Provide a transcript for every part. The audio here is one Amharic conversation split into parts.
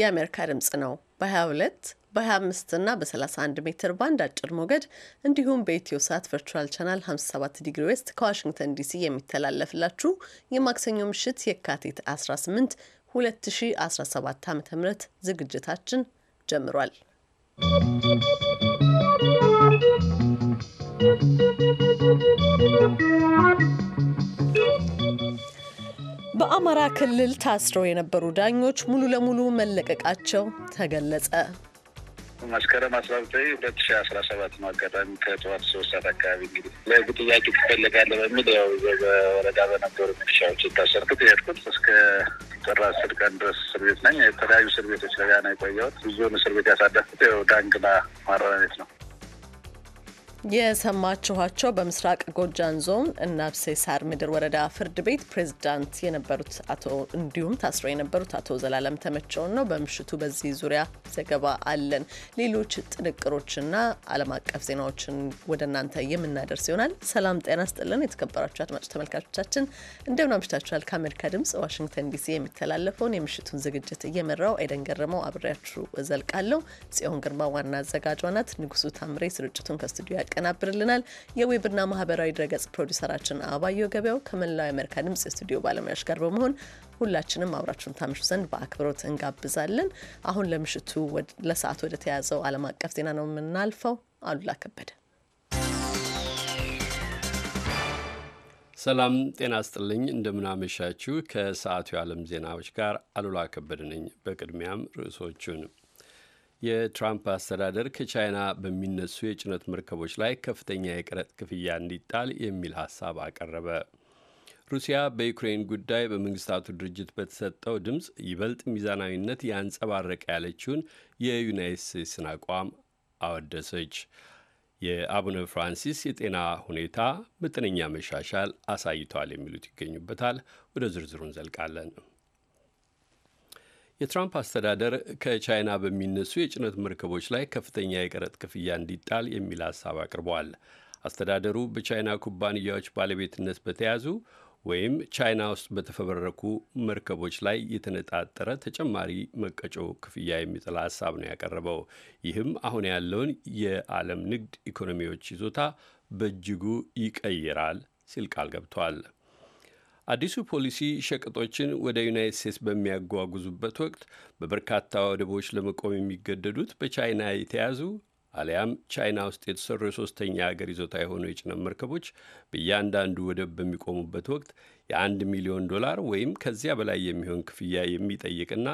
የአሜሪካ ድምፅ ነው። በ22 በ25 እና በ31 ሜትር ባንድ አጭር ሞገድ እንዲሁም በኢትዮ ሳት ቨርቹዋል ቻናል 57 ዲግሪ ዌስት ከዋሽንግተን ዲሲ የሚተላለፍላችሁ የማክሰኞ ምሽት የካቲት 18 2017 ዓ ም ዝግጅታችን ጀምሯል። ¶¶ በአማራ ክልል ታስረው የነበሩ ዳኞች ሙሉ ለሙሉ መለቀቃቸው ተገለጸ። መስከረም አስራ ዘጠኝ ሁለት ሺ አስራ ሰባት ነው አጋጣሚ ከጠዋት ሶስት ሰዓት አካባቢ እንግዲህ ለህግ ጥያቄ ትፈልጋለ በሚል ያው በወረዳ በነበሩ ሚሊሻዎች የታሰርኩት የሄድኩት እስከ ጥር አስር ቀን ድረስ እስር ቤት ነኝ። የተለያዩ እስር ቤቶች ላይ ነው የቆየሁት። ብዙውን እስር ቤት ያሳለፍኩት ያው ዳንግላ ማረሚያ ቤት ነው። የሰማችኋቸው በምስራቅ ጎጃን ዞን እናብሴ ሳር ምድር ወረዳ ፍርድ ቤት ፕሬዝዳንት የነበሩት አቶ እንዲሁም ታስረው የነበሩት አቶ ዘላለም ተመቸውን ነው። በምሽቱ በዚህ ዙሪያ ዘገባ አለን። ሌሎች ጥንቅሮችና ዓለም አቀፍ ዜናዎችን ወደ እናንተ የምናደርስ ይሆናል። ሰላም ጤና ስጥልን። የተከበራችሁ አድማጭ ተመልካቾቻችን እንደምን አምሽታችኋል። ከአሜሪካ ድምጽ ዋሽንግተን ዲሲ የሚተላለፈውን የምሽቱን ዝግጅት እየመራው አይደን ገረመው አብሬያችሁ ዘልቃለሁ። ጽዮን ግርማ ዋና አዘጋጇ ናት። ንጉሱ ታምሬ ስርጭቱን ከስቱዲዮ ያቀ ያቀናብርልናል። የዌብና ማህበራዊ ድረገጽ ፕሮዲሰራችን አበባየሁ ገበያው ከመላው የአሜሪካ ድምጽ የስቱዲዮ ባለሙያዎች ጋር በመሆን ሁላችንም አብራችሁን ታምሹ ዘንድ በአክብሮት እንጋብዛለን። አሁን ለምሽቱ ለሰዓት ወደ ተያዘው ዓለም አቀፍ ዜና ነው የምናልፈው። አሉላ ከበደ ሰላም ጤና ስጥልኝ። እንደምናመሻችሁ ከሰዓቱ የዓለም ዜናዎች ጋር አሉላ ከበደ ነኝ። በቅድሚያም ርዕሶቹን የትራምፕ አስተዳደር ከቻይና በሚነሱ የጭነት መርከቦች ላይ ከፍተኛ የቀረጥ ክፍያ እንዲጣል የሚል ሀሳብ አቀረበ። ሩሲያ በዩክሬን ጉዳይ በመንግስታቱ ድርጅት በተሰጠው ድምፅ ይበልጥ ሚዛናዊነት ያንጸባረቀ ያለችውን የዩናይት ስቴትስን አቋም አወደሰች። የአቡነ ፍራንሲስ የጤና ሁኔታ መጠነኛ መሻሻል አሳይቷል የሚሉት ይገኙበታል። ወደ ዝርዝሩ እንዘልቃለን። የትራምፕ አስተዳደር ከቻይና በሚነሱ የጭነት መርከቦች ላይ ከፍተኛ የቀረጥ ክፍያ እንዲጣል የሚል ሀሳብ አቅርበዋል። አስተዳደሩ በቻይና ኩባንያዎች ባለቤትነት በተያዙ ወይም ቻይና ውስጥ በተፈበረኩ መርከቦች ላይ የተነጣጠረ ተጨማሪ መቀጮ ክፍያ የሚጥል ሀሳብ ነው ያቀረበው። ይህም አሁን ያለውን የዓለም ንግድ ኢኮኖሚዎች ይዞታ በእጅጉ ይቀይራል ሲል ቃል ገብቷል። አዲሱ ፖሊሲ ሸቀጦችን ወደ ዩናይት ስቴትስ በሚያጓጉዙበት ወቅት በበርካታ ወደቦች ለመቆም የሚገደዱት በቻይና የተያዙ አሊያም ቻይና ውስጥ የተሰሩ የሶስተኛ ሀገር ይዞታ የሆኑ የጭነት መርከቦች በእያንዳንዱ ወደብ በሚቆሙበት ወቅት የአንድ ሚሊዮን ዶላር ወይም ከዚያ በላይ የሚሆን ክፍያ የሚጠይቅና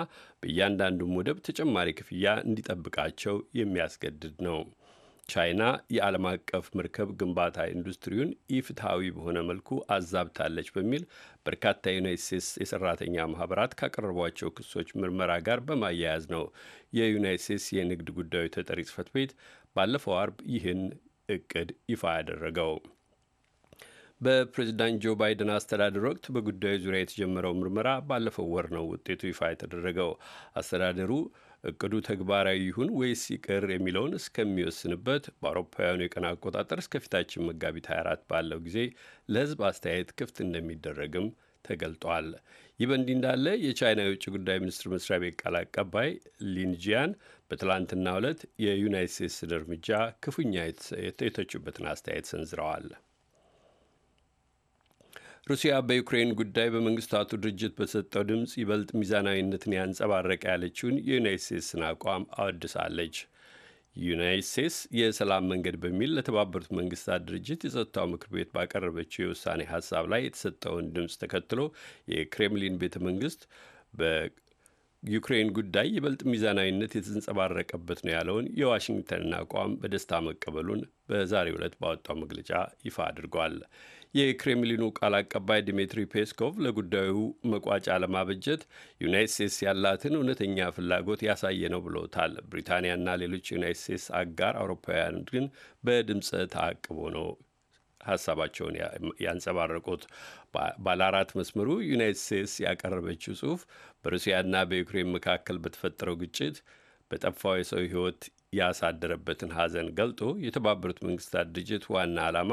በእያንዳንዱም ወደብ ተጨማሪ ክፍያ እንዲጠብቃቸው የሚያስገድድ ነው። ቻይና የዓለም አቀፍ መርከብ ግንባታ ኢንዱስትሪውን ኢፍትሐዊ በሆነ መልኩ አዛብታለች በሚል በርካታ የዩናይት ስቴትስ የሰራተኛ ማህበራት ካቀረቧቸው ክሶች ምርመራ ጋር በማያያዝ ነው። የዩናይት ስቴትስ የንግድ ጉዳዩ ተጠሪ ጽህፈት ቤት ባለፈው አርብ ይህን እቅድ ይፋ ያደረገው በፕሬዚዳንት ጆ ባይደን አስተዳደር ወቅት በጉዳዩ ዙሪያ የተጀመረው ምርመራ ባለፈው ወር ነው ውጤቱ ይፋ የተደረገው አስተዳደሩ እቅዱ ተግባራዊ ይሁን ወይስ ይቅር የሚለውን እስከሚወስንበት በአውሮፓውያኑ የቀን አቆጣጠር እስከፊታችን መጋቢት 24 ባለው ጊዜ ለህዝብ አስተያየት ክፍት እንደሚደረግም ተገልጧል። ይህ በእንዲህ እንዳለ የቻይና የውጭ ጉዳይ ሚኒስትር መስሪያ ቤት ቃል አቀባይ ሊንጂያን በትላንትና ዕለት የዩናይት ስቴትስን እርምጃ ክፉኛ የተቹበትን አስተያየት ሰንዝረዋል። ሩሲያ በዩክሬን ጉዳይ በመንግስታቱ ድርጅት በሰጠው ድምፅ ይበልጥ ሚዛናዊነትን ያንጸባረቀ ያለችውን የዩናይት ስቴትስን አቋም አወድሳለች። ዩናይት ስቴትስ የሰላም መንገድ በሚል ለተባበሩት መንግስታት ድርጅት የጸጥታው ምክር ቤት ባቀረበችው የውሳኔ ሀሳብ ላይ የተሰጠውን ድምፅ ተከትሎ የክሬምሊን ቤተ መንግስት በዩክሬን ጉዳይ ይበልጥ ሚዛናዊነት የተንጸባረቀበት ነው ያለውን የዋሽንግተንን አቋም በደስታ መቀበሉን በዛሬው ዕለት ባወጣው መግለጫ ይፋ አድርጓል። የክሬምሊኑ ቃል አቀባይ ዲሚትሪ ፔስኮቭ ለጉዳዩ መቋጫ ለማበጀት ዩናይት ስቴትስ ያላትን እውነተኛ ፍላጎት ያሳየ ነው ብሎታል። ብሪታንያና ሌሎች ዩናይት ስቴትስ አጋር አውሮፓውያን ግን በድምፀ ተአቅቦ ነው ሀሳባቸውን ያንጸባረቁት። ባለ አራት መስመሩ ዩናይት ስቴትስ ያቀረበችው ጽሁፍ በሩሲያና በዩክሬን መካከል በተፈጠረው ግጭት በጠፋው የሰው ህይወት ያሳደረበትን ሐዘን ገልጦ የተባበሩት መንግስታት ድርጅት ዋና ዓላማ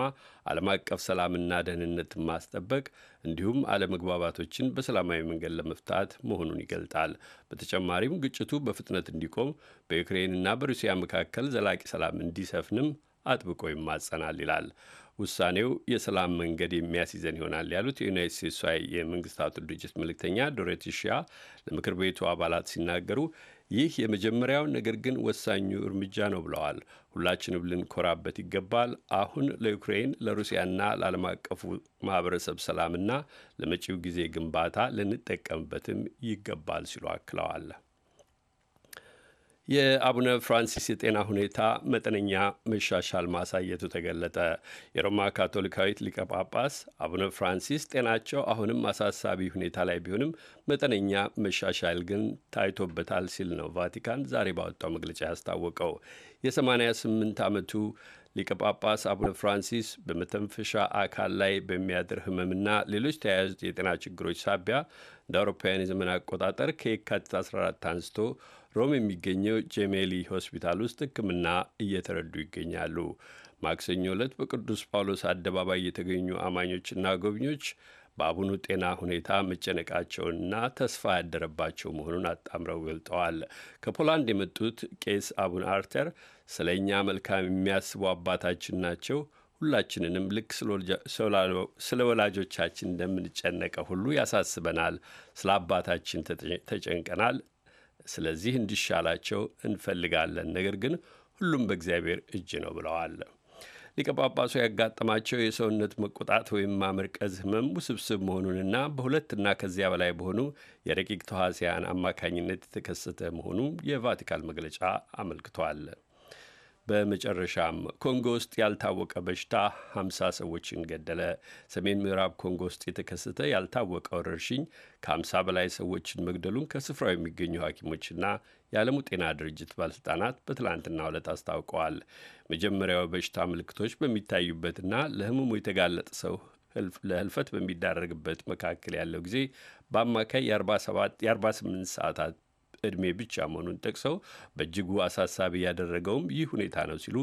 ዓለም አቀፍ ሰላምና ደህንነት ማስጠበቅ እንዲሁም አለመግባባቶችን በሰላማዊ መንገድ ለመፍታት መሆኑን ይገልጣል። በተጨማሪም ግጭቱ በፍጥነት እንዲቆም በዩክሬንና በሩሲያ መካከል ዘላቂ ሰላም እንዲሰፍንም አጥብቆ ይማጸናል ይላል። ውሳኔው የሰላም መንገድ የሚያስይዘን ይሆናል ያሉት የዩናይት ስቴትስ የመንግስታቱ ድርጅት መልእክተኛ ዶሬቲሺያ ለምክር ቤቱ አባላት ሲናገሩ ይህ የመጀመሪያው ነገር ግን ወሳኙ እርምጃ ነው ብለዋል። ሁላችንም ልንኮራበት ይገባል። አሁን ለዩክሬን ለሩሲያና ለዓለም አቀፉ ማህበረሰብ ሰላምና ለመጪው ጊዜ ግንባታ ልንጠቀምበትም ይገባል ሲሉ አክለዋል። የአቡነ ፍራንሲስ የጤና ሁኔታ መጠነኛ መሻሻል ማሳየቱ ተገለጠ። የሮማ ካቶሊካዊት ሊቀ ጳጳስ አቡነ ፍራንሲስ ጤናቸው አሁንም አሳሳቢ ሁኔታ ላይ ቢሆንም መጠነኛ መሻሻል ግን ታይቶበታል ሲል ነው ቫቲካን ዛሬ ባወጣው መግለጫ ያስታወቀው። የ88 ዓመቱ ሊቀ ጳጳስ አቡነ ፍራንሲስ በመተንፈሻ አካል ላይ በሚያድር ህመምና ሌሎች ተያያዥ የጤና ችግሮች ሳቢያ እንደ አውሮፓውያን የዘመን አቆጣጠር ከየካቲት 14 አንስቶ ሮም የሚገኘው ጄሜሊ ሆስፒታል ውስጥ ሕክምና እየተረዱ ይገኛሉ። ማክሰኞ ዕለት በቅዱስ ጳውሎስ አደባባይ የተገኙ አማኞችና ጎብኚዎች በአቡኑ ጤና ሁኔታ መጨነቃቸውንና ተስፋ ያደረባቸው መሆኑን አጣምረው ገልጠዋል። ከፖላንድ የመጡት ቄስ አቡነ አርተር ስለ እኛ መልካም የሚያስቡ አባታችን ናቸው ሁላችንንም ልክ ስለ ወላጆቻችን እንደምንጨነቀ ሁሉ ያሳስበናል። ስለ አባታችን ተጨንቀናል። ስለዚህ እንዲሻላቸው እንፈልጋለን፣ ነገር ግን ሁሉም በእግዚአብሔር እጅ ነው ብለዋል። ሊቀ ጳጳሱ ያጋጠማቸው የሰውነት መቆጣት ወይም ማመርቀዝ ህመም ውስብስብ መሆኑንና በሁለትና ከዚያ በላይ በሆኑ የረቂቅ ተዋሲያን አማካኝነት የተከሰተ መሆኑ የቫቲካን መግለጫ አመልክቷል። በመጨረሻም ኮንጎ ውስጥ ያልታወቀ በሽታ 50 ሰዎችን ገደለ። ሰሜን ምዕራብ ኮንጎ ውስጥ የተከሰተ ያልታወቀ ወረርሽኝ ከ50 በላይ ሰዎችን መግደሉን ከስፍራው የሚገኙ ሐኪሞችና የዓለሙ ጤና ድርጅት ባለሥልጣናት በትላንትና ዕለት አስታውቀዋል። መጀመሪያው በሽታ ምልክቶች በሚታዩበትና ለህመሙ የተጋለጠ ሰው ለህልፈት በሚዳረግበት መካከል ያለው ጊዜ በአማካይ የ48 ሰዓታት ዕድሜ ብቻ መሆኑን ጠቅሰው በእጅጉ አሳሳቢ ያደረገውም ይህ ሁኔታ ነው ሲሉ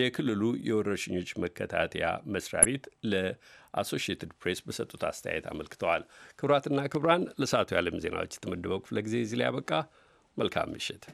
የክልሉ የወረርሽኞች መከታተያ መስሪያ ቤት ለአሶሽየትድ ፕሬስ በሰጡት አስተያየት አመልክተዋል። ክቡራትና ክቡራን ለሰዓቱ የዓለም ዜናዎች የተመደበው ክፍለ ጊዜ እዚህ ላይ ያበቃ። መልካም ምሽት።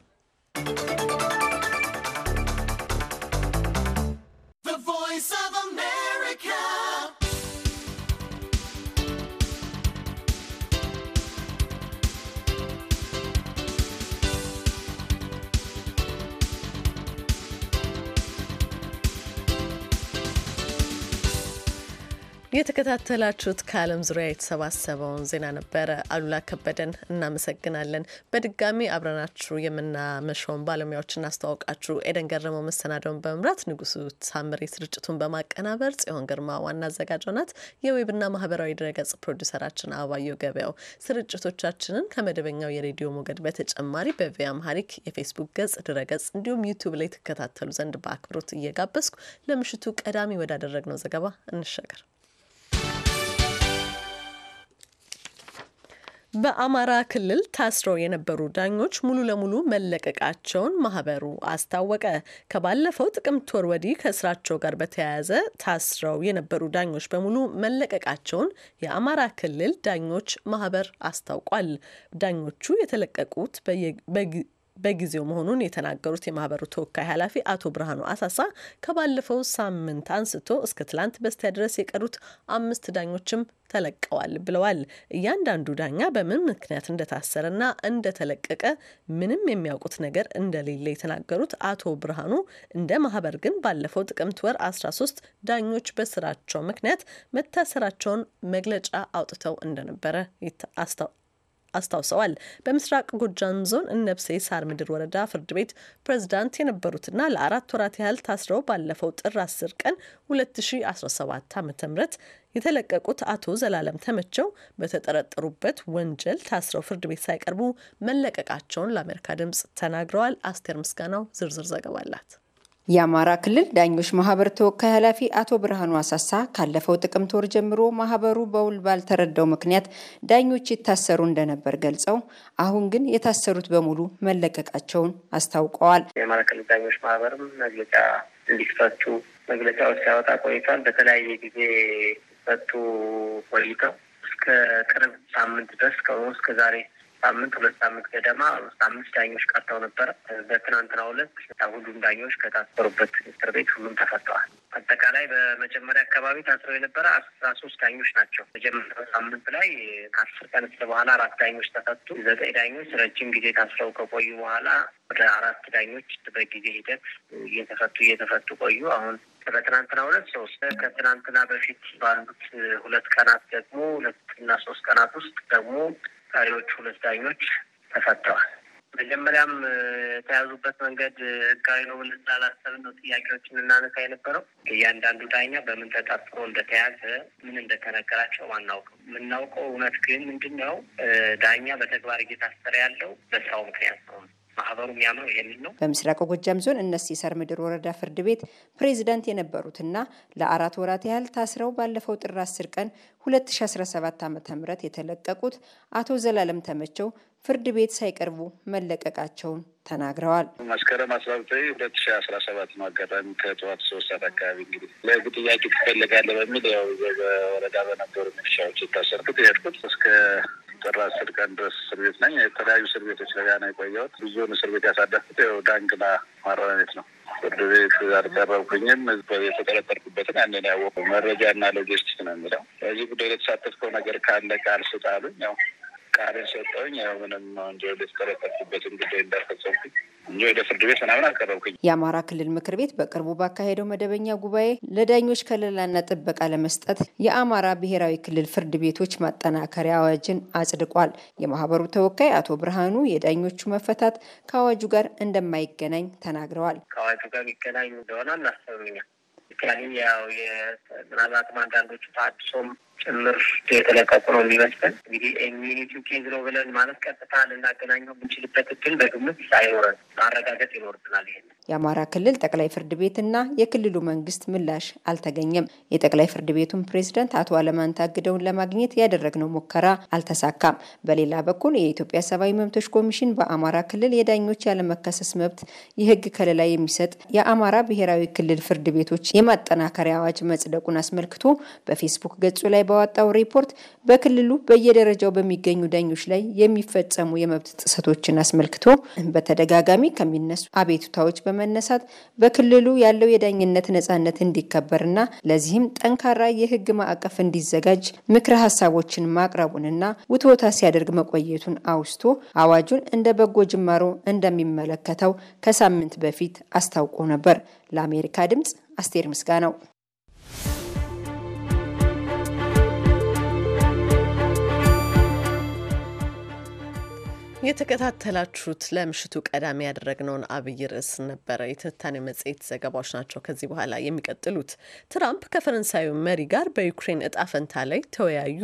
የተከታተላችሁት ከዓለም ዙሪያ የተሰባሰበውን ዜና ነበረ። አሉላ ከበደን እናመሰግናለን። በድጋሚ አብረናችሁ የምናመሸውን ባለሙያዎች እናስተዋውቃችሁ። ኤደን ገረመው መሰናደውን በመምራት ንጉሱ ሳምሬ ስርጭቱን በማቀናበር ጽዮን ግርማ ዋና አዘጋጇ ናት። የዌብና ማህበራዊ ድረገጽ ፕሮዲሰራችን አበባየሁ ገበያው። ስርጭቶቻችንን ከመደበኛው የሬዲዮ ሞገድ በተጨማሪ በቪያ አምሃሪክ የፌስቡክ ገጽ ድረገጽ፣ እንዲሁም ዩቱብ ላይ ትከታተሉ ዘንድ በአክብሮት እየጋበዝኩ ለምሽቱ ቀዳሚ ወዳደረግነው ዘገባ እንሻገር። በአማራ ክልል ታስረው የነበሩ ዳኞች ሙሉ ለሙሉ መለቀቃቸውን ማህበሩ አስታወቀ። ከባለፈው ጥቅምት ወር ወዲህ ከስራቸው ጋር በተያያዘ ታስረው የነበሩ ዳኞች በሙሉ መለቀቃቸውን የአማራ ክልል ዳኞች ማህበር አስታውቋል። ዳኞቹ የተለቀቁት በጊዜው መሆኑን የተናገሩት የማህበሩ ተወካይ ኃላፊ አቶ ብርሃኑ አሳሳ ከባለፈው ሳምንት አንስቶ እስከ ትላንት በስቲያ ድረስ የቀሩት አምስት ዳኞችም ተለቀዋል ብለዋል። እያንዳንዱ ዳኛ በምን ምክንያት እንደታሰረና እንደተለቀቀ ምንም የሚያውቁት ነገር እንደሌለ የተናገሩት አቶ ብርሃኑ እንደ ማህበር ግን ባለፈው ጥቅምት ወር 13 ዳኞች በስራቸው ምክንያት መታሰራቸውን መግለጫ አውጥተው እንደነበረ አስታውሰዋል። በምስራቅ ጎጃም ዞን እነብሴ ሳር ምድር ወረዳ ፍርድ ቤት ፕሬዝዳንት የነበሩትና ለአራት ወራት ያህል ታስረው ባለፈው ጥር 10 ቀን 2017 ዓ ም የተለቀቁት አቶ ዘላለም ተመቸው በተጠረጠሩበት ወንጀል ታስረው ፍርድ ቤት ሳይቀርቡ መለቀቃቸውን ለአሜሪካ ድምፅ ተናግረዋል። አስቴር ምስጋናው ዝርዝር ዘገባ አላት። የአማራ ክልል ዳኞች ማህበር ተወካይ ኃላፊ አቶ ብርሃኑ አሳሳ ካለፈው ጥቅምት ወር ጀምሮ ማህበሩ በውል ባልተረዳው ምክንያት ዳኞች ይታሰሩ እንደነበር ገልጸው አሁን ግን የታሰሩት በሙሉ መለቀቃቸውን አስታውቀዋል። የአማራ ክልል ዳኞች ማህበርም መግለጫ እንዲፈቱ መግለጫዎች ሲያወጣ ቆይቷል። በተለያየ ጊዜ ፈቱ ቆይተው እስከ ቅርብ ሳምንት ድረስ ከሆኑ እስከ ዛሬ ሳምንት ሁለት ሳምንት ገደማ አምስት ዳኞች ቀርተው ነበረ። በትናንትና ሁለት ሁሉም ዳኞች ከታሰሩበት እስር ቤት ሁሉም ተፈተዋል። አጠቃላይ በመጀመሪያ አካባቢ ታስረው የነበረ አስራ ሶስት ዳኞች ናቸው። መጀመሪያ ሳምንት ላይ ከአስር ቀን እስር በኋላ አራት ዳኞች ተፈቱ። ዘጠኝ ዳኞች ረጅም ጊዜ ታስረው ከቆዩ በኋላ ወደ አራት ዳኞች በጊዜ ሂደት እየተፈቱ እየተፈቱ ቆዩ። አሁን በትናንትና ሁለት ሶስት ከትናንትና በፊት ባሉት ሁለት ቀናት ደግሞ ሁለትና ሶስት ቀናት ውስጥ ደግሞ ቀሪዎቹ ሁለት ዳኞች ተፈተዋል። መጀመሪያም የተያዙበት መንገድ ህጋዊ ነው ብለን ስላላሰብን ነው ጥያቄዎችን እናነሳ የነበረው። እያንዳንዱ ዳኛ በምን ተጠርጥሮ እንደተያዘ ምን እንደተነገራቸው አናውቅም። የምናውቀው እውነት ግን ምንድን ነው ዳኛ በተግባር እየታሰረ ያለው በስራው ምክንያት ነው። ማህበሩ የሚያምነው ይህንን ነው። በምስራቅ ጎጃም ዞን እነሴ ሳር ምድር ወረዳ ፍርድ ቤት ፕሬዚዳንት የነበሩትና ለአራት ወራት ያህል ታስረው ባለፈው ጥር አስር ቀን 2017 ዓ ም የተለቀቁት አቶ ዘላለም ተመቸው ፍርድ ቤት ሳይቀርቡ መለቀቃቸውን ተናግረዋል። መስከረም አስራ ዘጠኝ ሁለት ሺ አስራ ሰባት ነው አጋጣሚ ከጠዋት ሶስት ሰዓት አካባቢ እንግዲህ ለህግ ጥያቄ ትፈልጋለህ በሚል ያው በወረዳ በነበሩ ሚሊሻዎች የታሰርኩት የሄድኩት እስከ ጥር አስር ቀን ድረስ እስር ቤት ነኝ። የተለያዩ እስር ቤቶች ላይ ነው የቆየሁት። ብዙውን እስር ቤት ያሳደፍኩት ው ዳንግና ማረሚያ ቤት ነው። ፍርድ ቤት አልቀረብኩኝም። የተጠረጠርኩበትን ያንን ያወቁ መረጃ እና ሎጂስቲክ ነው የሚለው በዚህ ጉዳይ የተሳተፍከው ነገር ካለ ቃል ስጣሉኝ ያው ቃልን ሰጠውኝ። ያው ምንም ወንጀል የተጠረጠርኩበትን ጉዳይ እንዳልፈጸምኩኝ እንጂ ወደ ፍርድ ቤት ምናምን አቀረብኩኝ። የአማራ ክልል ምክር ቤት በቅርቡ ባካሄደው መደበኛ ጉባኤ ለዳኞች ከለላና ጥበቃ ለመስጠት የአማራ ብሔራዊ ክልል ፍርድ ቤቶች ማጠናከሪያ አዋጅን አጽድቋል። የማህበሩ ተወካይ አቶ ብርሃኑ የዳኞቹ መፈታት ከአዋጁ ጋር እንደማይገናኝ ተናግረዋል። ከአዋጁ ጋር ይገናኝ እንደሆነ እናስተውኛል። ምክንያቱም ያው ምናልባትም አንዳንዶቹ ታድሶም ጭምር የተለቀቁ ነው የሚመስለን። እንግዲህ ኢሚኒቲው ኬዝ ነው ብለን ማለት ቀጥታ ልናገናኘው የምንችልበት እድል በግምት አይኖረን ማረጋገጥ ይኖርብናል። ይሄ የአማራ ክልል ጠቅላይ ፍርድ ቤትና የክልሉ መንግስት ምላሽ አልተገኘም። የጠቅላይ ፍርድ ቤቱን ፕሬዝደንት አቶ አለማን ታግደውን ለማግኘት ያደረግነው ሙከራ አልተሳካም። በሌላ በኩል የኢትዮጵያ ሰብአዊ መብቶች ኮሚሽን በአማራ ክልል የዳኞች ያለመከሰስ መብት የህግ ከለላ የሚሰጥ የአማራ ብሔራዊ ክልል ፍርድ ቤቶች የማጠናከሪያ አዋጅ መጽደቁን አስመልክቶ በፌስቡክ ገጹ ላይ ባወጣው ሪፖርት በክልሉ በየደረጃው በሚገኙ ዳኞች ላይ የሚፈጸሙ የመብት ጥሰቶችን አስመልክቶ በተደጋጋሚ ከሚነሱ አቤቱታዎች በመነሳት በክልሉ ያለው የዳኝነት ነጻነት እንዲከበርና ለዚህም ጠንካራ የህግ ማዕቀፍ እንዲዘጋጅ ምክረ ሀሳቦችን ማቅረቡንና ውትወታ ሲያደርግ መቆየቱን አውስቶ አዋጁን እንደ በጎ ጅማሮ እንደሚመለከተው ከሳምንት በፊት አስታውቆ ነበር። ለአሜሪካ ድምጽ አስቴር ነው። የተከታተላችሁት ለምሽቱ ቀዳሚ ያደረግነውን አብይ ርዕስ ነበረ። የትንታኔ መጽሔት ዘገባዎች ናቸው ከዚህ በኋላ የሚቀጥሉት። ትራምፕ ከፈረንሳዩ መሪ ጋር በዩክሬን እጣ ፈንታ ላይ ተወያዩ።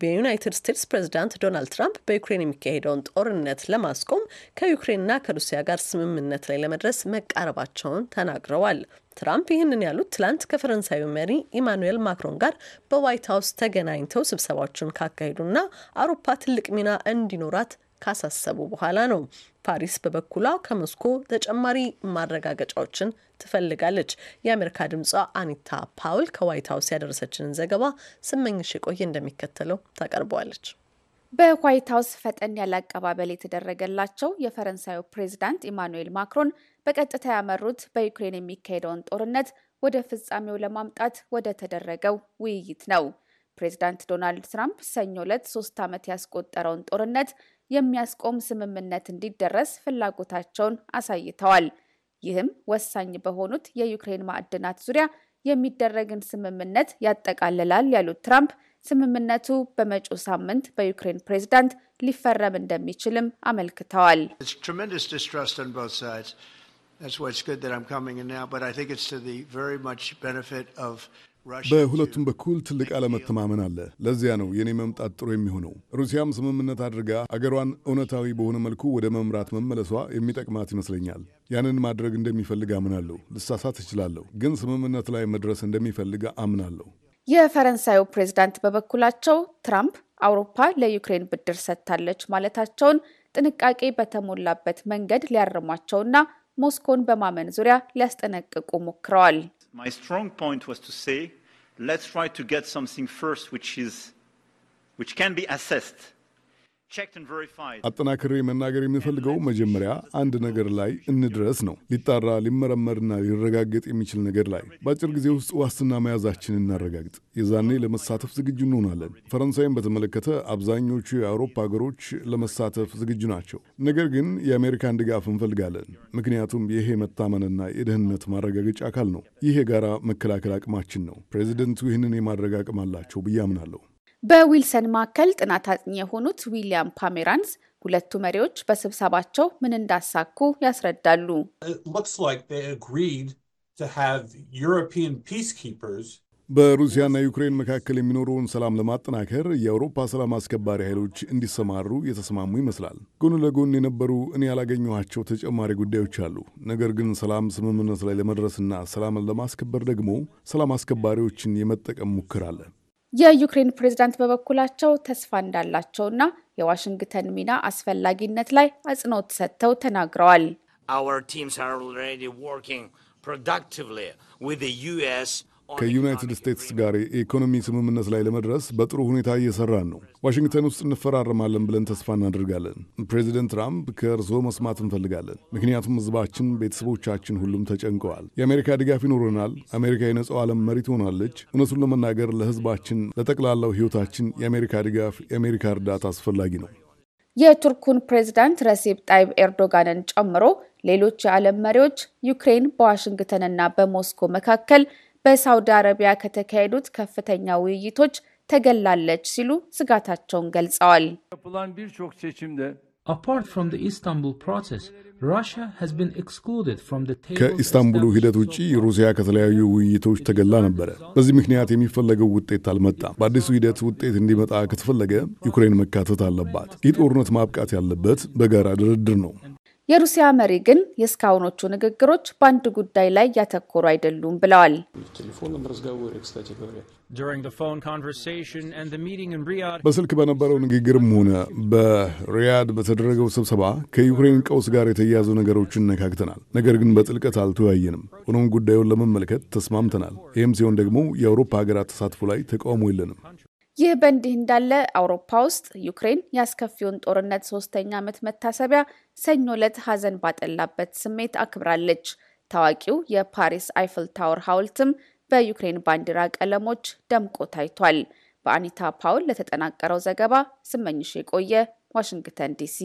በዩናይትድ ስቴትስ ፕሬዚዳንት ዶናልድ ትራምፕ በዩክሬን የሚካሄደውን ጦርነት ለማስቆም ከዩክሬንና ከሩሲያ ጋር ስምምነት ላይ ለመድረስ መቃረባቸውን ተናግረዋል። ትራምፕ ይህንን ያሉት ትላንት ከፈረንሳዩ መሪ ኢማኑኤል ማክሮን ጋር በዋይት ሀውስ ተገናኝተው ስብሰባዎችን ካካሄዱና አውሮፓ ትልቅ ሚና እንዲኖራት ካሳሰቡ በኋላ ነው። ፓሪስ በበኩሏ ከሞስኮ ተጨማሪ ማረጋገጫዎችን ትፈልጋለች። የአሜሪካ ድምጿ አኒታ ፓውል ከዋይት ሀውስ ያደረሰችንን ዘገባ ስመኝሽ የቆየ እንደሚከተለው ታቀርበዋለች። በዋይት ሀውስ ፈጠን ያለ አቀባበል የተደረገላቸው የፈረንሳዩ ፕሬዚዳንት ኢማኑኤል ማክሮን በቀጥታ ያመሩት በዩክሬን የሚካሄደውን ጦርነት ወደ ፍጻሜው ለማምጣት ወደ ተደረገው ውይይት ነው። ፕሬዚዳንት ዶናልድ ትራምፕ ሰኞ ዕለት ሶስት ዓመት ያስቆጠረውን ጦርነት የሚያስቆም ስምምነት እንዲደረስ ፍላጎታቸውን አሳይተዋል። ይህም ወሳኝ በሆኑት የዩክሬን ማዕድናት ዙሪያ የሚደረግን ስምምነት ያጠቃልላል ያሉት ትራምፕ ስምምነቱ በመጪው ሳምንት በዩክሬን ፕሬዝዳንት ሊፈረም እንደሚችልም አመልክተዋል። በሁለቱም በኩል ትልቅ አለመተማመን አለ። ለዚያ ነው የኔ መምጣት ጥሩ የሚሆነው። ሩሲያም ስምምነት አድርጋ አገሯን እውነታዊ በሆነ መልኩ ወደ መምራት መመለሷ የሚጠቅማት ይመስለኛል። ያንን ማድረግ እንደሚፈልግ አምናለሁ። ልሳሳት እችላለሁ፣ ግን ስምምነት ላይ መድረስ እንደሚፈልግ አምናለሁ። የፈረንሳዩ ፕሬዝዳንት በበኩላቸው ትራምፕ አውሮፓ ለዩክሬን ብድር ሰጥታለች ማለታቸውን ጥንቃቄ በተሞላበት መንገድ ሊያርሟቸውና ሞስኮን በማመን ዙሪያ ሊያስጠነቅቁ ሞክረዋል። my strong point was to say, let's try to get something first which, is, which can be assessed አጠናክሬ መናገር የምፈልገው መጀመሪያ አንድ ነገር ላይ እንድረስ ነው። ሊጣራ ሊመረመርና ሊረጋገጥ የሚችል ነገር ላይ በአጭር ጊዜ ውስጥ ዋስትና መያዛችን እናረጋግጥ። የዛኔ ለመሳተፍ ዝግጁ እንሆናለን። ፈረንሳይን በተመለከተ አብዛኞቹ የአውሮፓ ሀገሮች ለመሳተፍ ዝግጁ ናቸው። ነገር ግን የአሜሪካን ድጋፍ እንፈልጋለን። ምክንያቱም ይሄ መታመንና የደህንነት ማረጋገጫ አካል ነው። ይህ የጋራ መከላከል አቅማችን ነው። ፕሬዚደንቱ ይህንን የማድረግ አቅም አላቸው ብዬ አምናለሁ። በዊልሰን ማዕከል ጥናት አጥኚ የሆኑት ዊሊያም ፓሜራንስ ሁለቱ መሪዎች በስብሰባቸው ምን እንዳሳኩ ያስረዳሉ። በሩሲያና ዩክሬን መካከል የሚኖረውን ሰላም ለማጠናከር የአውሮፓ ሰላም አስከባሪ ኃይሎች እንዲሰማሩ የተስማሙ ይመስላል። ጎን ለጎን የነበሩ እኔ ያላገኘኋቸው ተጨማሪ ጉዳዮች አሉ። ነገር ግን ሰላም ስምምነት ላይ ለመድረስና ሰላምን ለማስከበር ደግሞ ሰላም አስከባሪዎችን የመጠቀም ሙከራ አለ። የዩክሬን ፕሬዝዳንት በበኩላቸው ተስፋ እንዳላቸውና የዋሽንግተን ሚና አስፈላጊነት ላይ አጽንኦት ሰጥተው ተናግረዋል። ከዩናይትድ ስቴትስ ጋር የኢኮኖሚ ስምምነት ላይ ለመድረስ በጥሩ ሁኔታ እየሰራን ነው። ዋሽንግተን ውስጥ እንፈራረማለን ብለን ተስፋ እናደርጋለን። ፕሬዚደንት ትራምፕ ከእርስዎ መስማት እንፈልጋለን፣ ምክንያቱም ህዝባችን ቤተሰቦቻችን ሁሉም ተጨንቀዋል። የአሜሪካ ድጋፍ ይኖረናል። አሜሪካ የነጻው ዓለም መሪ ትሆናለች። እውነቱን ለመናገር ለህዝባችን ለጠቅላላው ህይወታችን የአሜሪካ ድጋፍ፣ የአሜሪካ እርዳታ አስፈላጊ ነው። የቱርኩን ፕሬዝዳንት ረሴፕ ጣይብ ኤርዶጋንን ጨምሮ ሌሎች የዓለም መሪዎች ዩክሬን በዋሽንግተንና በሞስኮ መካከል በሳውዲ አረቢያ ከተካሄዱት ከፍተኛ ውይይቶች ተገላለች ሲሉ ስጋታቸውን ገልጸዋል። ከኢስታንቡሉ ሂደት ውጭ ሩሲያ ከተለያዩ ውይይቶች ተገላ ነበረ። በዚህ ምክንያት የሚፈለገው ውጤት አልመጣም። በአዲሱ ሂደት ውጤት እንዲመጣ ከተፈለገ ዩክሬን መካተት አለባት። ይህ ጦርነት ማብቃት ያለበት በጋራ ድርድር ነው። የሩሲያ መሪ ግን የእስካሁኖቹ ንግግሮች በአንድ ጉዳይ ላይ ያተኮሩ አይደሉም ብለዋል። በስልክ በነበረው ንግግርም ሆነ በሪያድ በተደረገው ስብሰባ ከዩክሬን ቀውስ ጋር የተያያዙ ነገሮችን ነካክተናል። ነገር ግን በጥልቀት አልተወያየንም። ሆኖም ጉዳዩን ለመመልከት ተስማምተናል። ይህም ሲሆን ደግሞ የአውሮፓ ሀገራት ተሳትፎ ላይ ተቃውሞ የለንም። ይህ በእንዲህ እንዳለ አውሮፓ ውስጥ ዩክሬን ያስከፊውን ጦርነት ሶስተኛ ዓመት መታሰቢያ ሰኞ ዕለት ሐዘን ባጠላበት ስሜት አክብራለች። ታዋቂው የፓሪስ አይፍል ታወር ሐውልትም በዩክሬን ባንዲራ ቀለሞች ደምቆ ታይቷል። በአኒታ ፓውል ለተጠናቀረው ዘገባ ስመኝሽ የቆየ ዋሽንግተን ዲሲ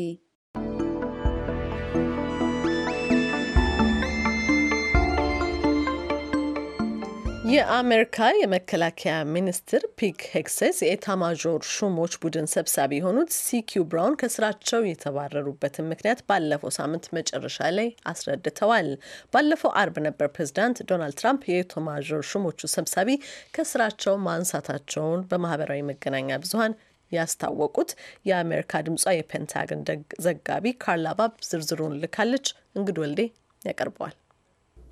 የአሜሪካ የመከላከያ ሚኒስትር ፒክ ሄክሴስ ማዦር ሹሞች ቡድን ሰብሳቢ የሆኑት ሲኪዩ ብራውን ከስራቸው የተባረሩበትን ምክንያት ባለፈው ሳምንት መጨረሻ ላይ አስረድተዋል። ባለፈው አርብ ነበር ፕሬዚዳንት ዶናልድ ትራምፕ ማዦር ሹሞቹ ሰብሳቢ ከስራቸው ማንሳታቸውን በማህበራዊ መገናኛ ብዙሀን ያስታወቁት። የአሜሪካ ድምጿ የፔንታገን ዘጋቢ ካርላ ባብ ዝርዝሩን ልካለች። እንግድ ወልዴ ያቀርበዋል።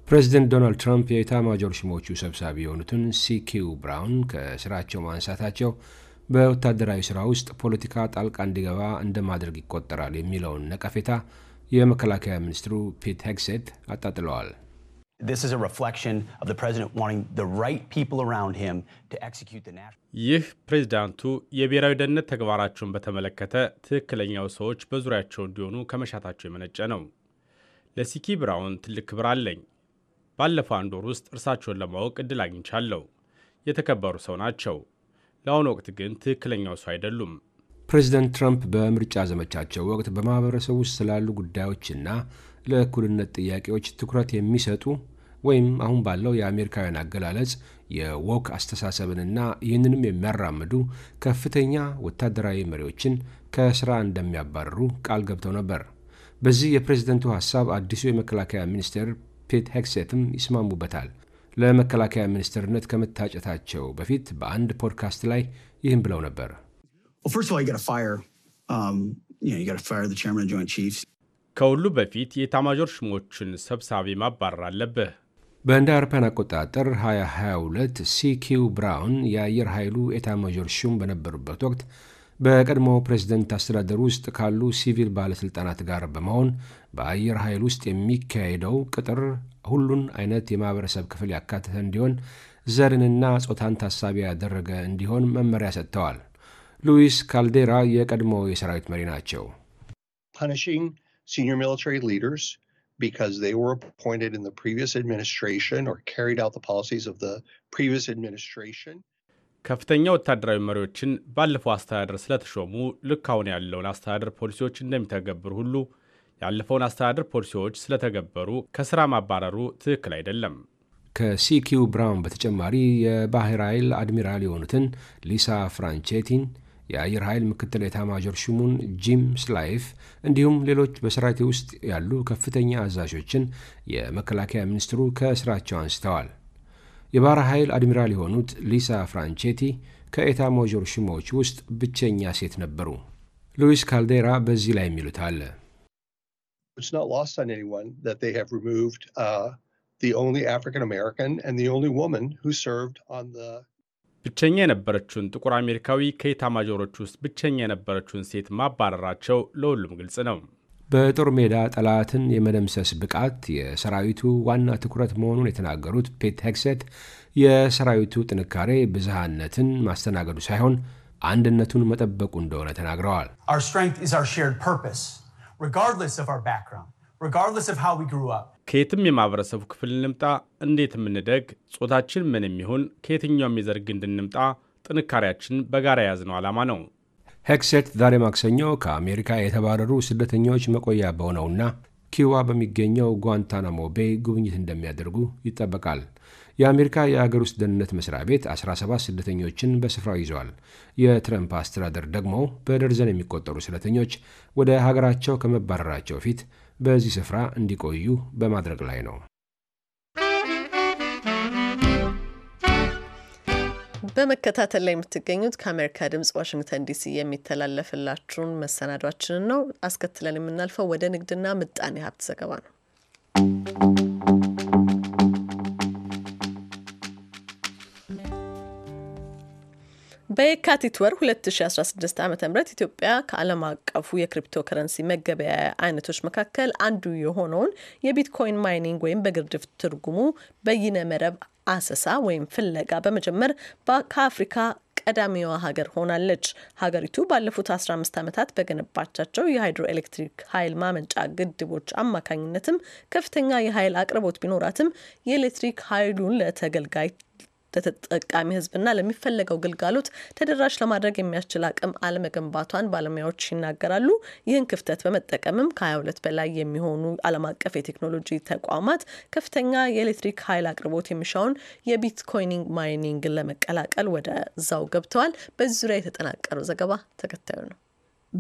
ፕሬዚደንት ዶናልድ ትራምፕ የኢታማጆር ሹሞቹ ሰብሳቢ የሆኑትን ሲኪው ብራውን ከስራቸው ማንሳታቸው በወታደራዊ ስራ ውስጥ ፖለቲካ ጣልቃ እንዲገባ እንደማድረግ ይቆጠራል የሚለውን ነቀፌታ የመከላከያ ሚኒስትሩ ፒት ሄግሴት አጣጥለዋል። ይህ ፕሬዚዳንቱ የብሔራዊ ደህንነት ተግባራቸውን በተመለከተ ትክክለኛው ሰዎች በዙሪያቸው እንዲሆኑ ከመሻታቸው የመነጨ ነው። ለሲኪ ብራውን ትልቅ ክብር አለኝ። ባለፈው አንድ ወር ውስጥ እርሳቸውን ለማወቅ እድል አግኝቻለሁ። የተከበሩ ሰው ናቸው። ለአሁኑ ወቅት ግን ትክክለኛው ሰው አይደሉም። ፕሬዚደንት ትራምፕ በምርጫ ዘመቻቸው ወቅት በማህበረሰብ ውስጥ ስላሉ ጉዳዮችና ለእኩልነት ጥያቄዎች ትኩረት የሚሰጡ ወይም አሁን ባለው የአሜሪካውያን አገላለጽ የወክ አስተሳሰብንና ይህንንም የሚያራምዱ ከፍተኛ ወታደራዊ መሪዎችን ከስራ እንደሚያባርሩ ቃል ገብተው ነበር። በዚህ የፕሬዝደንቱ ሀሳብ አዲሱ የመከላከያ ሚኒስቴር ፒት ሄክሴትም ይስማሙበታል። ለመከላከያ ሚኒስትርነት ከመታጨታቸው በፊት በአንድ ፖድካስት ላይ ይህም ብለው ነበር። um, ከሁሉ በፊት የኤታማዦር ሹሞችን ሰብሳቢ ማባረር አለብህ። በእንደ አውሮፓን አቆጣጠር 2022 ሲኪው ብራውን የአየር ኃይሉ ኤታማዦር ሹም በነበሩበት ወቅት በቀድሞ ፕሬዝደንት አስተዳደር ውስጥ ካሉ ሲቪል ባለሥልጣናት ጋር በመሆን በአየር ኃይል ውስጥ የሚካሄደው ቅጥር ሁሉን አይነት የማኅበረሰብ ክፍል ያካተተ እንዲሆን፣ ዘርንና ጾታን ታሳቢ ያደረገ እንዲሆን መመሪያ ሰጥተዋል። ሉዊስ ካልዴራ የቀድሞ የሰራዊት መሪ ናቸው። ከፍተኛ ወታደራዊ መሪዎችን ባለፈው አስተዳደር ስለተሾሙ ልክ አሁን ያለውን አስተዳደር ፖሊሲዎች እንደሚተገብሩ ሁሉ ያለፈውን አስተዳደር ፖሊሲዎች ስለተገበሩ ከስራ ማባረሩ ትክክል አይደለም። ከሲኪው ብራውን በተጨማሪ የባህር ኃይል አድሚራል የሆኑትን ሊሳ ፍራንቼቲን የአየር ኃይል ምክትል ኤታማዦር ሹሙን ጂም ስላይፍ እንዲሁም ሌሎች በሰራዊት ውስጥ ያሉ ከፍተኛ አዛዦችን የመከላከያ ሚኒስትሩ ከስራቸው አንስተዋል። የባህር ኃይል አድሚራል የሆኑት ሊሳ ፍራንቼቲ ከኤታ ሞዦር ሽሞዎች ውስጥ ብቸኛ ሴት ነበሩ። ሉዊስ ካልዴራ በዚህ ላይ የሚሉት አለ። uh, ብቸኛ የነበረችውን ጥቁር አሜሪካዊ ከኤታ ማጆሮች ውስጥ ብቸኛ የነበረችውን ሴት ማባረራቸው ለሁሉም ግልጽ ነው። በጦር ሜዳ ጠላትን የመደምሰስ ብቃት የሰራዊቱ ዋና ትኩረት መሆኑን የተናገሩት ፔት ሄግሴት የሰራዊቱ ጥንካሬ ብዝሃነትን ማስተናገዱ ሳይሆን አንድነቱን መጠበቁ እንደሆነ ተናግረዋል። ከየትም የማህበረሰቡ ክፍል እንምጣ፣ እንዴት የምንደግ፣ ጾታችን ምንም ይሁን፣ ከየትኛውም የዘርግ እንድንምጣ ጥንካሬያችን በጋራ የያዝነው ዓላማ ነው። ሄክሴት ዛሬ ማክሰኞ ከአሜሪካ የተባረሩ ስደተኞች መቆያ በሆነውና ኪዋ በሚገኘው ጓንታናሞ ቤይ ጉብኝት እንደሚያደርጉ ይጠበቃል። የአሜሪካ የአገር ውስጥ ደህንነት መስሪያ ቤት 17 ስደተኞችን በስፍራው ይዘዋል። የትረምፕ አስተዳደር ደግሞ በደርዘን የሚቆጠሩ ስደተኞች ወደ ሀገራቸው ከመባረራቸው ፊት በዚህ ስፍራ እንዲቆዩ በማድረግ ላይ ነው። በመከታተል ላይ የምትገኙት ከአሜሪካ ድምጽ ዋሽንግተን ዲሲ የሚተላለፍላችሁን መሰናዷችንን ነው። አስከትለን የምናልፈው ወደ ንግድና ምጣኔ ሀብት ዘገባ ነው። በየካቲት ወር 2016 ዓ ም ኢትዮጵያ ከዓለም አቀፉ የክሪፕቶ ከረንሲ መገበያ አይነቶች መካከል አንዱ የሆነውን የቢትኮይን ማይኒንግ ወይም በግርድፍ ትርጉሙ በይነ መረብ አሰሳ ወይም ፍለጋ በመጀመር ከአፍሪካ ቀዳሚዋ ሀገር ሆናለች። ሀገሪቱ ባለፉት 15 ዓመታት በገነባቻቸው የሃይድሮ ኤሌክትሪክ ኃይል ማመንጫ ግድቦች አማካኝነትም ከፍተኛ የኃይል አቅርቦት ቢኖራትም የኤሌክትሪክ ኃይሉን ለተገልጋይ ለተጠቃሚ ህዝብና ለሚፈለገው ግልጋሎት ተደራሽ ለማድረግ የሚያስችል አቅም አለመገንባቷን ባለሙያዎች ይናገራሉ። ይህን ክፍተት በመጠቀምም ከ22 በላይ የሚሆኑ ዓለም አቀፍ የቴክኖሎጂ ተቋማት ከፍተኛ የኤሌክትሪክ ኃይል አቅርቦት የሚሻውን የቢትኮይኒንግ ማይኒንግን ለመቀላቀል ወደዛው ገብተዋል። በዚህ ዙሪያ የተጠናቀረው ዘገባ ተከታዩ ነው።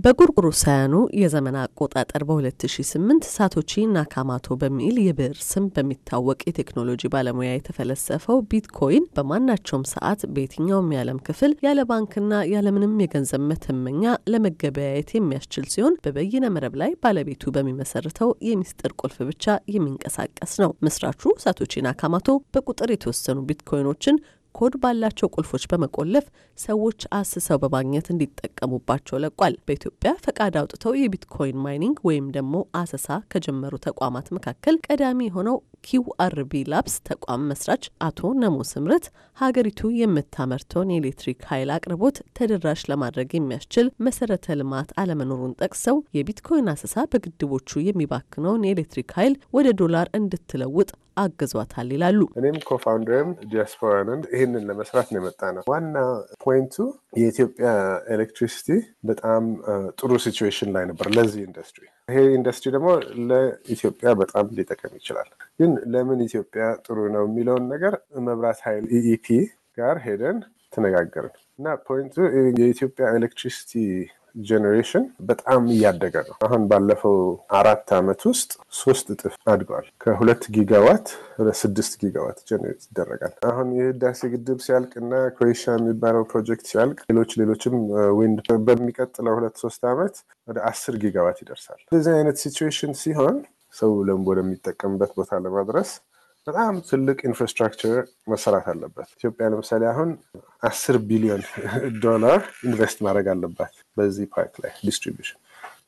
በጉርጉሮሳውያኑ የዘመን አቆጣጠር በ2008 ሳቶቺ ናካማቶ በሚል የብዕር ስም በሚታወቅ የቴክኖሎጂ ባለሙያ የተፈለሰፈው ቢትኮይን በማናቸውም ሰዓት በየትኛውም የዓለም ክፍል ያለ ባንክና ያለምንም የገንዘብ መተመኛ ለመገበያየት የሚያስችል ሲሆን በበይነ መረብ ላይ ባለቤቱ በሚመሰርተው የሚስጥር ቁልፍ ብቻ የሚንቀሳቀስ ነው። መስራቹ ሳቶቺ ናካማቶ በቁጥር የተወሰኑ ቢትኮይኖችን ኮድ ባላቸው ቁልፎች በመቆለፍ ሰዎች አስሰው በማግኘት እንዲጠቀሙባቸው ለቋል። በኢትዮጵያ ፈቃድ አውጥተው የቢትኮይን ማይኒንግ ወይም ደግሞ አሰሳ ከጀመሩ ተቋማት መካከል ቀዳሚ የሆነው ኪውአርቢ ላብስ ተቋም መስራች አቶ ነሞ ስምረት ሀገሪቱ የምታመርተውን የኤሌክትሪክ ኃይል አቅርቦት ተደራሽ ለማድረግ የሚያስችል መሰረተ ልማት አለመኖሩን ጠቅሰው የቢትኮይን አሰሳ በግድቦቹ የሚባክነውን የኤሌክትሪክ ኃይል ወደ ዶላር እንድትለውጥ አግዟታል ይላሉ። እኔም ኮፋውንደርም ዲያስፖራንን ይህንን ለመስራት ነው የመጣ ነው። ዋና ፖይንቱ የኢትዮጵያ ኤሌክትሪሲቲ በጣም ጥሩ ሲትዌሽን ላይ ነበር ለዚህ ኢንዱስትሪ ይሄ ኢንዱስትሪ ደግሞ ለኢትዮጵያ በጣም ሊጠቀም ይችላል። ግን ለምን ኢትዮጵያ ጥሩ ነው የሚለውን ነገር መብራት ኃይል ኢኢፒ ጋር ሄደን ተነጋገርን እና ፖይንቱ የኢትዮጵያ ኤሌክትሪሲቲ ጄኔሬሽን በጣም እያደገ ነው። አሁን ባለፈው አራት ዓመት ውስጥ ሶስት እጥፍ አድገዋል። ከሁለት ጊጋዋት ወደ ስድስት ጊጋዋት ጄኔሬት ይደረጋል። አሁን የህዳሴ ግድብ ሲያልቅ እና ክሮኤሽያ የሚባለው ፕሮጀክት ሲያልቅ ሌሎች ሌሎችም ዊንድ በሚቀጥለው ሁለት ሶስት ዓመት ወደ አስር ጊጋዋት ይደርሳል። እንደዚህ አይነት ሲትዌሽን ሲሆን ሰው ለምቦ ወደሚጠቀምበት ቦታ ለማድረስ በጣም ትልቅ ኢንፍራስትራክቸር መሰራት አለበት። ኢትዮጵያ ለምሳሌ አሁን አስር ቢሊዮን ዶላር ኢንቨስት ማድረግ አለባት በዚህ ፓርክ ላይ ዲስትሪቢሽን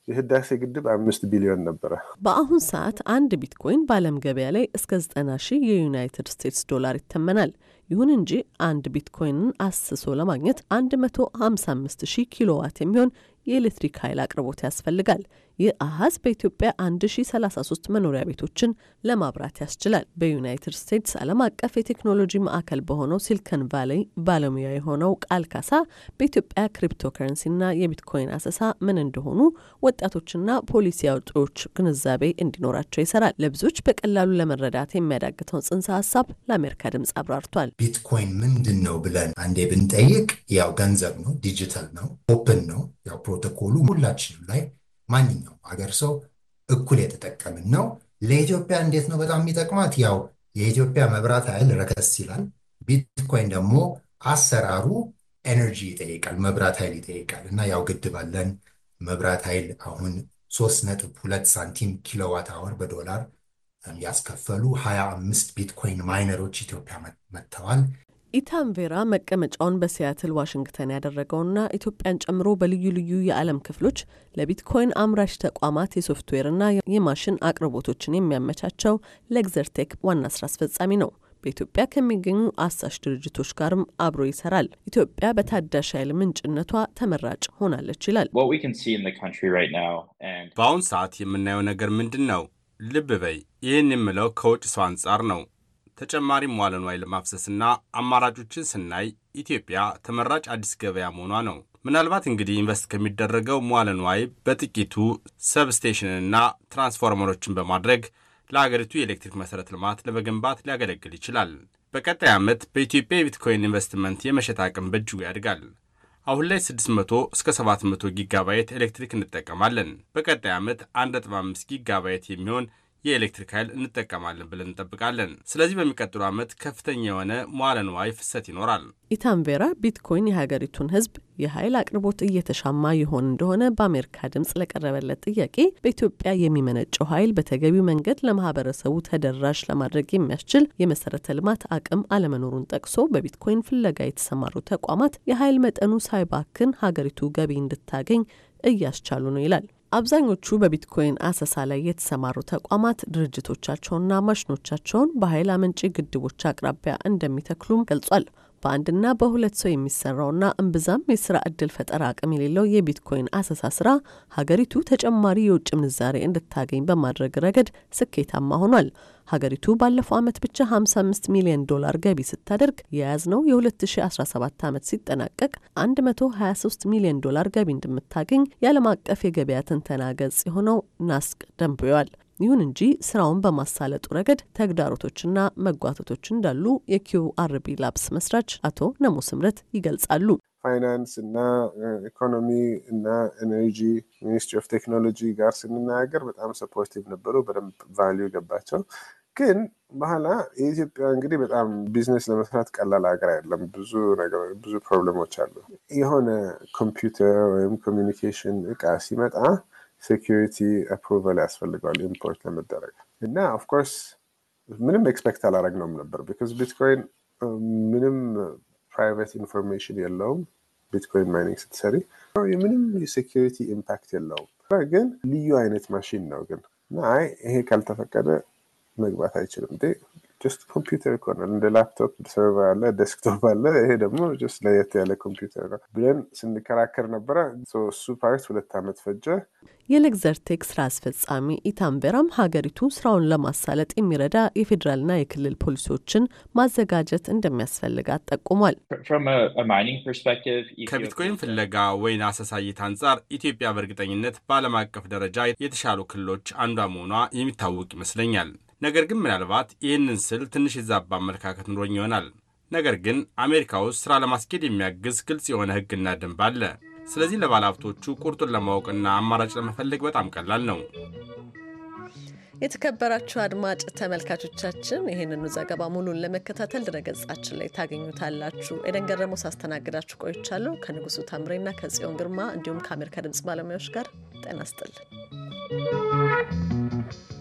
የህዳሴ ግድብ አምስት ቢሊዮን ነበረ። በአሁን ሰዓት አንድ ቢትኮይን በአለም ገበያ ላይ እስከ ዘጠና ሺህ የዩናይትድ ስቴትስ ዶላር ይተመናል። ይሁን እንጂ አንድ ቢትኮይንን አስሶ ለማግኘት መቶ አምስት ሺህ ኪሎዋት የሚሆን የኤሌክትሪክ ኃይል አቅርቦት ያስፈልጋል። ይህ አሃዝ በኢትዮጵያ 1033 መኖሪያ ቤቶችን ለማብራት ያስችላል። በዩናይትድ ስቴትስ ዓለም አቀፍ የቴክኖሎጂ ማዕከል በሆነው ሲልከን ቫሌይ ባለሙያ የሆነው ቃል ካሳ በኢትዮጵያ ክሪፕቶ ከረንሲና የቢትኮይን አሰሳ ምን እንደሆኑ ወጣቶችና ፖሊሲ አውጪዎች ግንዛቤ እንዲኖራቸው ይሰራል። ለብዙዎች በቀላሉ ለመረዳት የሚያዳግተውን ጽንሰ ሀሳብ ለአሜሪካ ድምጽ አብራርቷል። ቢትኮይን ምንድን ነው ብለን አንዴ ብንጠይቅ ያው ገንዘብ ነው፣ ዲጂታል ነው፣ ኦፕን ነው። ያው ፕሮቶኮሉ ሁላችንም ላይ ማንኛውም ሀገር ሰው እኩል የተጠቀምን ነው። ለኢትዮጵያ እንዴት ነው በጣም የሚጠቅማት? ያው የኢትዮጵያ መብራት ኃይል ረከስ ይላል። ቢትኮይን ደግሞ አሰራሩ ኤነርጂ ይጠይቃል፣ መብራት ኃይል ይጠይቃል። እና ያው ግድብ አለን። መብራት ኃይል አሁን ሶስት ነጥብ ሁለት ሳንቲም ኪሎዋት አወር በዶላር ያስከፈሉ ሀያ አምስት ቢትኮይን ማይነሮች ኢትዮጵያ መጥተዋል። ኢታን ቬራ መቀመጫውን በሲያትል ዋሽንግተን ያደረገውና ኢትዮጵያን ጨምሮ በልዩ ልዩ የዓለም ክፍሎች ለቢትኮይን አምራች ተቋማት የሶፍትዌርና የማሽን አቅርቦቶችን የሚያመቻቸው ለግዘርቴክ ዋና ስራ አስፈጻሚ ነው። በኢትዮጵያ ከሚገኙ አሳሽ ድርጅቶች ጋርም አብሮ ይሰራል። ኢትዮጵያ በታዳሽ ኃይል ምንጭነቷ ተመራጭ ሆናለች ይላል። በአሁን ሰዓት የምናየው ነገር ምንድን ነው? ልብ በይ፣ ይህን የምለው ከውጭ ሰው አንጻር ነው። ተጨማሪ መዋለ ንዋይ ለማፍሰስና አማራጮችን ስናይ ኢትዮጵያ ተመራጭ አዲስ ገበያ መሆኗ ነው። ምናልባት እንግዲህ ኢንቨስት ከሚደረገው መዋለ ንዋይ በጥቂቱ ሰብስቴሽንና ትራንስፎርመሮችን በማድረግ ለሀገሪቱ የኤሌክትሪክ መሠረተ ልማት ለመገንባት ሊያገለግል ይችላል። በቀጣይ ዓመት በኢትዮጵያ የቢትኮይን ኢንቨስትመንት የመሸጥ አቅም በእጅጉ ያድጋል። አሁን ላይ 600 እስከ 700 ጊጋባይት ኤሌክትሪክ እንጠቀማለን። በቀጣይ ዓመት 1.5 ጊጋባይት የሚሆን የኤሌክትሪክ ኃይል እንጠቀማለን ብለን እንጠብቃለን። ስለዚህ በሚቀጥሉ ዓመት ከፍተኛ የሆነ መዋለ ንዋይ ፍሰት ይኖራል። ኢታንቬራ ቢትኮይን የሀገሪቱን ሕዝብ የኃይል አቅርቦት እየተሻማ ይሆን እንደሆነ በአሜሪካ ድምፅ ለቀረበለት ጥያቄ በኢትዮጵያ የሚመነጨው ኃይል በተገቢው መንገድ ለማህበረሰቡ ተደራሽ ለማድረግ የሚያስችል የመሰረተ ልማት አቅም አለመኖሩን ጠቅሶ በቢትኮይን ፍለጋ የተሰማሩ ተቋማት የኃይል መጠኑ ሳይባክን ሀገሪቱ ገቢ እንድታገኝ እያስቻሉ ነው ይላል። አብዛኞቹ በቢትኮይን አሰሳ ላይ የተሰማሩ ተቋማት ድርጅቶቻቸውንና ማሽኖቻቸውን በኃይል አመንጪ ግድቦች አቅራቢያ እንደሚተክሉም ገልጿል። በአንድና በሁለት ሰው የሚሰራውና እምብዛም የስራ እድል ፈጠራ አቅም የሌለው የቢትኮይን አሰሳ ስራ ሀገሪቱ ተጨማሪ የውጭ ምንዛሬ እንድታገኝ በማድረግ ረገድ ስኬታማ ሆኗል። ሀገሪቱ ባለፈው ዓመት ብቻ 55 ሚሊዮን ዶላር ገቢ ስታደርግ የያዝነው የ2017 ዓመት ሲጠናቀቅ 123 ሚሊዮን ዶላር ገቢ እንደምታገኝ የዓለም አቀፍ የገበያ ትንተና ገጽ የሆነው ናስቅ ደንብዋል። ይሁን እንጂ ስራውን በማሳለጡ ረገድ ተግዳሮቶችና መጓተቶች እንዳሉ አርቢ ላብስ መስራች አቶ ነሞ ስምረት ይገልጻሉ። ፋይናንስ እና ኢኮኖሚ እና ኤነርጂ ሚኒስትሪ ኦፍ ቴክኖሎጂ ጋር ስንናገር በጣም ሰፖርቲቭ ነበሩ። በደንብ ቫሊዩ ገባቸው። ግን በኋላ የኢትዮጵያ እንግዲህ በጣም ቢዝነስ ለመስራት ቀላል ሀገር አይደለም። ብዙ ብዙ ፕሮብለሞች አሉ። የሆነ ኮምፒውተር ወይም ኮሚኒኬሽን እቃ ሲመጣ ሴኪሪቲ አፕሩቫል ያስፈልገዋል ኢምፖርት ለመደረግ እና ኦፍኮርስ ምንም ኤክስፔክት አላረግነውም ነበር ቢካዝ ቢትኮይን um, ምንም ፕራይቬት ኢንፎርሜሽን የለውም ቢትኮይን ማይኒንግ ስትሰሪ ምንም የሴኪሪቲ ኢምፓክት የለውም ግን ልዩ አይነት ማሽን ነው ግን አይ ይሄ ካልተፈቀደ መግባት አይችልም ጀስት ኮምፒውተር እኮ ነው። እንደ ላፕቶፕ ሰርቨር አለ፣ ደስክቶፕ አለ። ይሄ ደግሞ ጀስት ለየት ያለ ኮምፒውተር ነው ብለን ስንከራከር ነበረ። እሱ ፓርት ሁለት ዓመት ፈጀ። የለግዘርቴክ ስራ አስፈጻሚ ኢታምቤራም ሀገሪቱ ስራውን ለማሳለጥ የሚረዳ የፌዴራልና የክልል ፖሊሲዎችን ማዘጋጀት እንደሚያስፈልጋት ጠቁሟል። ከቢትኮይን ፍለጋ ወይን አሰሳይት አንጻር ኢትዮጵያ በእርግጠኝነት በዓለም አቀፍ ደረጃ የተሻሉ ክልሎች አንዷ መሆኗ የሚታወቅ ይመስለኛል። ነገር ግን ምናልባት ይህንን ስል ትንሽ የዛባ አመለካከት ኑሮኝ ይሆናል። ነገር ግን አሜሪካ ውስጥ ሥራ ለማስኬድ የሚያግዝ ግልጽ የሆነ ሕግና ደንብ አለ። ስለዚህ ለባለሀብቶቹ ቁርጡን ለማወቅና አማራጭ ለመፈለግ በጣም ቀላል ነው። የተከበራችሁ አድማጭ ተመልካቾቻችን ይህንኑ ዘገባ ሙሉን ለመከታተል ድረገጻችን ላይ ታገኙታላችሁ። ኤደን ገረመው ሳስተናግዳችሁ ቆይቻለሁ ከንጉሱ ታምሬና ከጽዮን ግርማ እንዲሁም ከአሜሪካ ድምጽ ባለሙያዎች ጋር ጤና ይስጥልኝ።